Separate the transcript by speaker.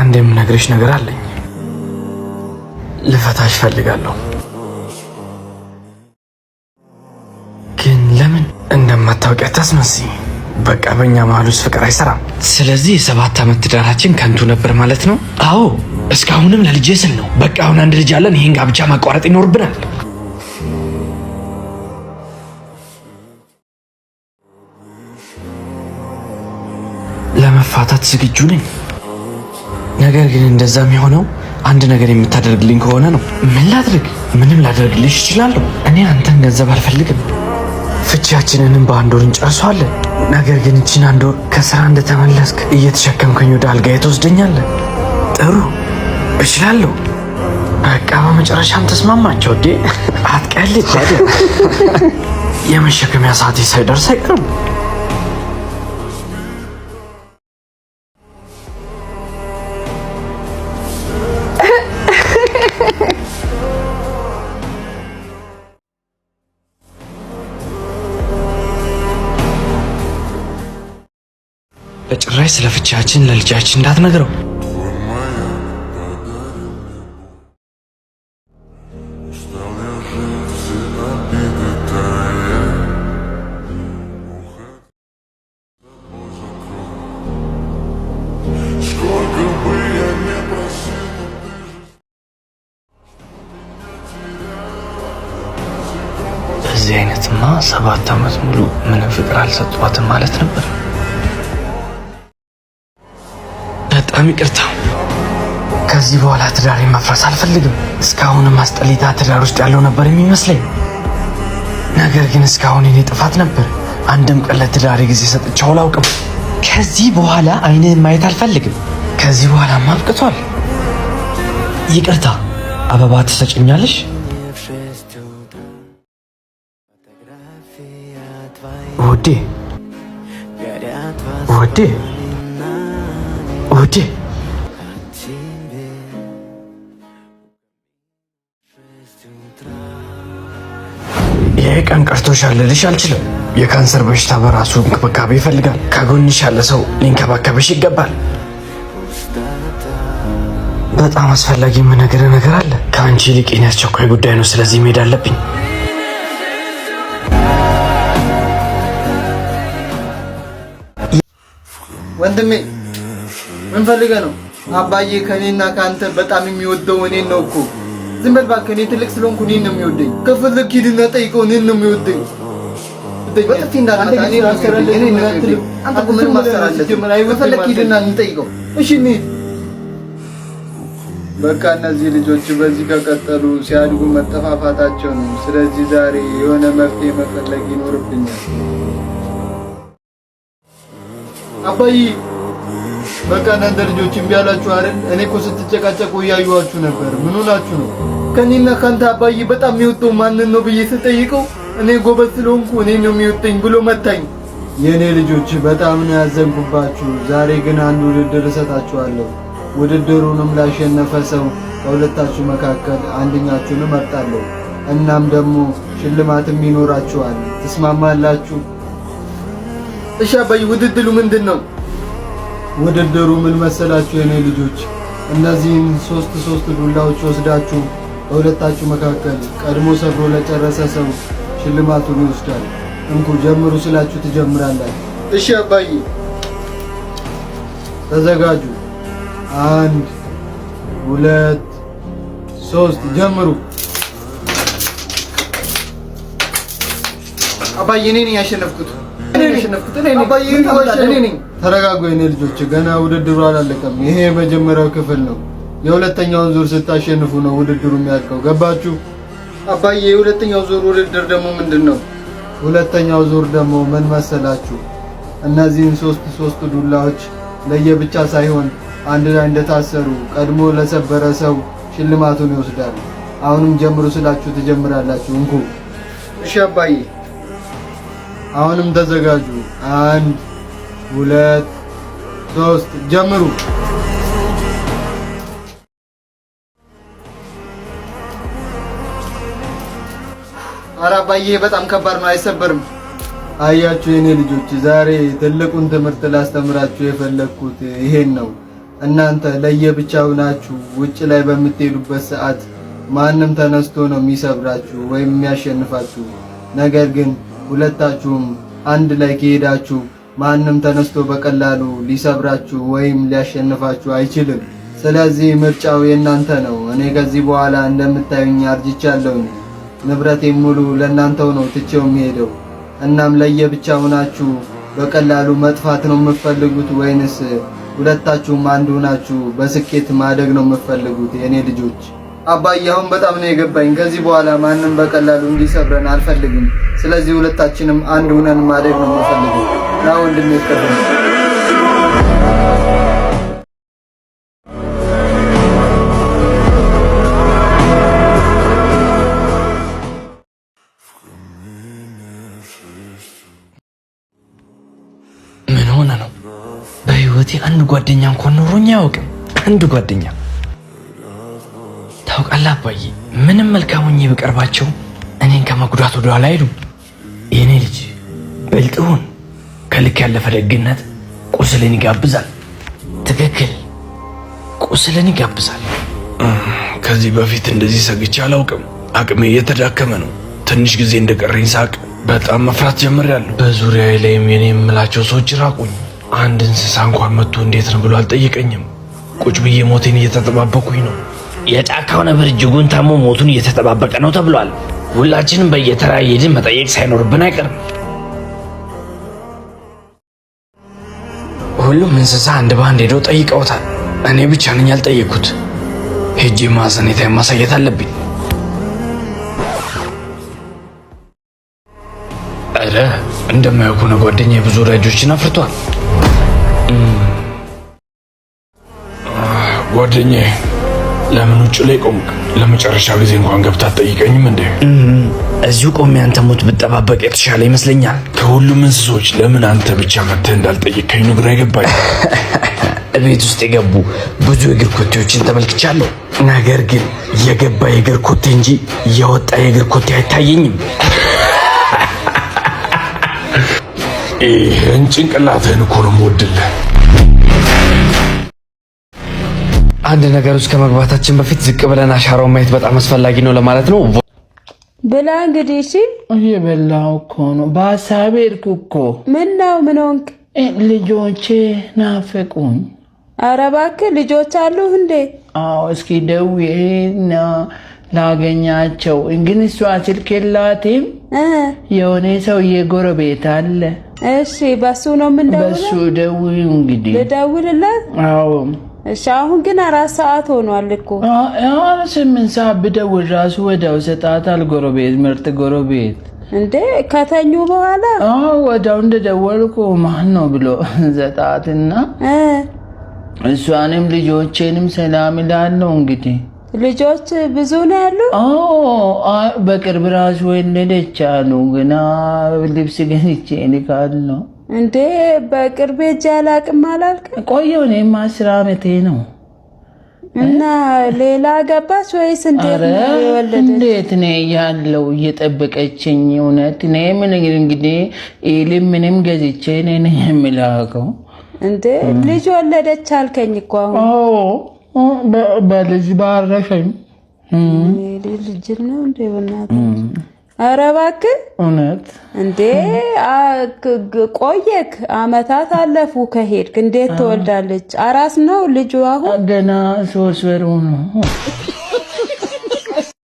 Speaker 1: አንድ የምነግርሽ ነገር አለኝ። ልፈታሽ ፈልጋለሁ፣ ግን ለምን እንደማታውቂያ ታስመስይ። በቃ በእኛ መሀል ውስጥ ፍቅር አይሰራም። ስለዚህ የሰባት ዓመት ትዳራችን ከንቱ ነበር ማለት ነው? አዎ፣ እስካሁንም ለልጄ ስል ነው። በቃ አሁን አንድ ልጅ አለን። ይህን ጋብቻ ማቋረጥ ይኖርብናል። ለመፋታት ዝግጁ ነኝ። ነገር ግን እንደዛ የሆነው አንድ ነገር የምታደርግልኝ ከሆነ ነው። ምን ላድርግ? ምንም ላደርግልሽ እችላለሁ። እኔ አንተን ገንዘብ አልፈልግም። ፍቺያችንንም በአንድ ወር እንጨርሷለን። ነገር ግን እችን አንድ ወር ከስራ እንደተመለስክ እየተሸከምከኝ ወደ አልጋ ትወስደኛለህ። ጥሩ እችላለሁ። በቃ በመጨረሻም ተስማማቸው። ዴ አትቀልጅ። የመሸከሚያ ሰዓት ሳይደርስ አይቀርም። በጭራሽ ስለ ፍቻችን ለልጃችን እንዳትነግረው። በዚህ አይነትማ ሰባት ዓመት ሙሉ ምንም ፍቅር አልሰጧትም ማለት ነበር። በጣም ይቅርታ። ከዚህ በኋላ ትዳሬ ማፍረስ አልፈልግም። እስካሁንም አስጠሊታ ትዳር ውስጥ ያለው ነበር የሚመስለኝ። ነገር ግን እስካሁን የኔ ጥፋት ነበር። አንድም ቀን ለትዳሬ ጊዜ ሰጥቼው አላውቅም። ከዚህ በኋላ አይንህን ማየት አልፈልግም። ከዚህ በኋላ ማብቅቷል። ይቅርታ። አበባ ትሰጭኛለሽ? ውዴ ውዴ ውዴ ቀን ቀርቶሻል ልልሽ አልችልም። የካንሰር በሽታ በራሱ እንክብካቤ ይፈልጋል። ከጎንሽ ያለ ሰው ሊንከባከብሽ ይገባል። በጣም አስፈላጊ የምነግርህ ነገር አለ። ከአንቺ ይልቅ የኔ አስቸኳይ ጉዳይ ነው። ስለዚህ መሄድ አለብኝ።
Speaker 2: ወንድሜ ምን ፈልገህ ነው? አባዬ ከእኔና ከአንተ በጣም የሚወደው እኔን ነው እኮ ዝም በል እባክህ። እኔ ትልቅ ስለሆንኩ እኔን ነው የሚወደኝ። ከፈለክ ሂድና ጠይቀው። እኔን ነው የሚወደኝ።
Speaker 3: በቃ እነዚህ ልጆች በዚህ ከቀጠሉ ሲያድጉ መጠፋፋታቸው ነው። ስለዚህ ዛሬ የሆነ መፍትሄ መፈለግ ይኖርብኛል
Speaker 2: አባዬ በቃ እናንተ ልጆች እምቢ አላችሁ አይደል? እኔ እኮ ስትጨቃጨቁ እያዩዋችሁ ነበር። ምን ሆናችሁ ነው? ከኔና ካንተ አባዬ በጣም የሚወጣው ማንን ነው ብዬ ስጠይቀው እኔ ጎበዝ ስለሆንኩ እኔ ነው የሚወጣኝ ብሎ መታኝ።
Speaker 3: የእኔ ልጆች በጣም ነው ያዘንኩባችሁ። ዛሬ ግን አንድ ውድድር እሰጣችኋለሁ። ውድድሩንም ላሸነፈ ሰው ከሁለታችሁ መካከል አንደኛችሁን እመርጣለሁ። እናም ደግሞ ሽልማትም ይኖራችኋል። ትስማማላችሁ?
Speaker 2: እሺ አባዬ፣ ውድድሩ ምንድን ነው?
Speaker 3: ውድድሩ ምን መሰላችሁ? የኔ ልጆች እነዚህን ሶስት ሶስት ዱላዎች ወስዳችሁ በሁለታችሁ መካከል ቀድሞ ሰብሮ ለጨረሰ ሰው ሽልማቱን ይወስዳል። እንኩ ጀምሩ ስላችሁ ትጀምራላችሁ። እሺ አባዬ፣ ተዘጋጁ። አንድ ሁለት ሶስት፣ ጀምሩ።
Speaker 2: አባዬ፣ እኔ ነኝ ያሸነፍኩት። እኔ ነኝ ያሸነፍኩት። እኔ ነኝ
Speaker 3: ተረጋጉ የኔ ልጆች፣ ገና ውድድሩ አላለቀም። ይሄ የመጀመሪያው ክፍል ነው። የሁለተኛውን ዙር ስታሸንፉ ነው ውድድሩ የሚያልቀው። ገባችሁ?
Speaker 2: አባዬ፣ የሁለተኛው ዙር ውድድር ደግሞ ምንድን ነው?
Speaker 3: ሁለተኛው ዙር ደግሞ ምን መሰላችሁ? እነዚህን ሶስት ሶስት ዱላዎች ለየብቻ ሳይሆን አንድ ላይ እንደታሰሩ ቀድሞ ለሰበረ ሰው ሽልማቱን ይወስዳል። አሁንም ጀምሩ ስላችሁ ትጀምራላችሁ። እንኩ። እሺ አባዬ፣ አሁንም ተዘጋጁ። አንድ ሁለት ሶስት ጀምሩ።
Speaker 2: ኧረ አባዬ በጣም ከባድ ነው፣ አይሰበርም። አያችሁ የኔ ልጆች፣ ዛሬ ትልቁን ትምህርት ላስተምራችሁ የፈለግኩት ይሄን ነው። እናንተ ለየብቻው ናችሁ። ውጭ ላይ በምትሄዱበት ሰዓት ማንም ተነስቶ ነው የሚሰብራችሁ ወይም የሚያሸንፋችሁ። ነገር ግን ሁለታችሁም አንድ ላይ ከሄዳችሁ ማንም ተነስቶ በቀላሉ ሊሰብራችሁ ወይም ሊያሸንፋችሁ አይችልም። ስለዚህ ምርጫው የእናንተ ነው። እኔ ከዚህ በኋላ እንደምታዩኝ አርጅቻለሁኝ። ንብረቴም ሙሉ ለእናንተው ነው ትቼው የሚሄደው እናም ለየብቻ ሆናችሁ በቀላሉ መጥፋት ነው የምትፈልጉት ወይንስ ሁለታችሁም አንድ ሆናችሁ በስኬት ማደግ ነው የምትፈልጉት? የእኔ ልጆች አባዬ አሁን በጣም ነው የገባኝ። ከዚህ በኋላ ማንም በቀላሉ እንዲሰብረን አልፈልግም። ስለዚህ ሁለታችንም አንድ ሆነን ማደግ ነው የምፈልገው። ና ወንድሜ ይከፈል።
Speaker 1: ምን ሆነ ነው? በህይወቴ አንድ ጓደኛ እንኳን ኖሮኝ አያውቅም። አንድ ጓደኛ ታውቃለህ አባዬ፣ ምንም መልካም ሆኜ ብቀርባቸው እኔን ከመጉዳት ወደኋላ አይሉም። የኔ ልጅ በልጥሁን ከልክ ያለፈ ደግነት ቁስልን ይጋብዛል። ትክክል፣ ቁስልን ይጋብዛል።
Speaker 4: ከዚህ በፊት እንደዚህ ሰግቼ አላውቅም። አቅሜ እየተዳከመ ነው። ትንሽ ጊዜ እንደቀረኝ ሳቅ በጣም መፍራት ጀምሬያለሁ። በዙሪያዬ ላይም የኔ የምላቸው ሰዎች ራቁኝ። አንድ እንስሳ እንኳን መጥቶ እንዴት ነው ብሎ አልጠየቀኝም። ቁጭ ብዬ ሞቴን እየተጠባበኩኝ ነው።
Speaker 1: የጫካው ነብር እጅጉን ታሞ ሞቱን እየተጠባበቀ ነው ተብሏል። ሁላችንም በየተራ ሄድን መጠየቅ ሳይኖርብን አይቀርም። ሁሉም እንስሳ አንድ በአንድ ሄደው ጠይቀውታል። እኔ ብቻ ነኝ ያልጠየኩት። ሄጄ ማዘኔታ ማሳየት አለብኝ። እረ እንደማየው ነው። ጓደኛዬ ብዙ ረጆችን አፍርቷል።
Speaker 4: ጓደኛዬ ለምን ውጭ ላይ ቆምክ? ለመጨረሻ ጊዜ እንኳን ገብታ አትጠይቀኝም እንዴ?
Speaker 1: እዚሁ ቆሜ አንተ ሞት ብጠባበቅ የተሻለ ይመስለኛል።
Speaker 4: ከሁሉም እንስሶች ለምን አንተ ብቻ መጥተህ እንዳልጠየቀኝ ንግር አይገባኝ።
Speaker 1: እቤት ውስጥ የገቡ ብዙ የእግር ኮቴዎችን ተመልክቻለሁ። ነገር ግን የገባ የእግር ኮቴ እንጂ የወጣ የእግር ኮቴ አይታየኝም።
Speaker 4: ይህን ጭንቅላትህን እኮ ነው የምወድልህ።
Speaker 1: አንድ ነገር ውስጥ ከመግባታችን በፊት ዝቅ ብለን አሻራው ማየት በጣም አስፈላጊ ነው ለማለት ነው
Speaker 5: ብላ እንግዲህ ሲል
Speaker 6: እየበላሁ እኮ ነው፣ በሀሳቤ ሄድኩ እኮ።
Speaker 5: ነው ምን ሆንክ?
Speaker 6: ልጆቼ ናፈቁኝ።
Speaker 5: ኧረ እባክህ ልጆች አሉ እንዴ?
Speaker 6: አዎ፣ እስኪ ደውዬና ላገኛቸው። እንግን እሷ ስልክ የላትም። የሆነ ሰውዬ ጎረቤት አለ።
Speaker 5: እሺ፣ በሱ ነው የምንደውለው።
Speaker 6: በሱ ደውዩ እንግዲህ።
Speaker 5: ልደውልላት? አዎ እሺ አሁን ግን አራት ሰዓት ሆኗል እኮ።
Speaker 6: አሁን ስምንት ሰዓት ብደውል ራሱ ወዲያው ሰጣታል። ጎረቤት ምርጥ ጎረቤት
Speaker 5: እንዴ ከተኙ በኋላ
Speaker 6: አዎ፣ ወዲያው እንደደወልኩ ማን ነው ብሎ ሰጣትና እሷንም ልጆቼንም ሰላም እላለሁ። እንግዲህ
Speaker 5: ልጆች ብዙ ነው ያሉ።
Speaker 6: በቅርብ ራሱ ወለደች አሉ። ግና ልብስ ገዝቼ ልካለሁ
Speaker 5: እንዴ በቅርቤ እጅ አላቅም አላልክም?
Speaker 6: ቆየሁ። እኔማ አስር ዓመቴ ነው።
Speaker 5: እና ሌላ ገባች ወይስ
Speaker 6: እንዴት ነው ያለው? እየጠበቀችኝ እውነት እኔ ምን እንግዲህ ኢልም ምንም ገዝቼ ነን የምላቀው
Speaker 5: እንዴ ልጅ ወለደች አልከኝ እኮ
Speaker 6: አሁን በልጅ ባረሸኝ
Speaker 5: ልጅ ነው እንዴ በእናትህ ኧረ እባክህ እውነት እንዴ ቆየክ? አመታት አለፉ ከሄድክ። እንዴት ትወልዳለች? አራስ ነው ልጁ አሁን
Speaker 6: ገና ሶስት ወር ሆኖ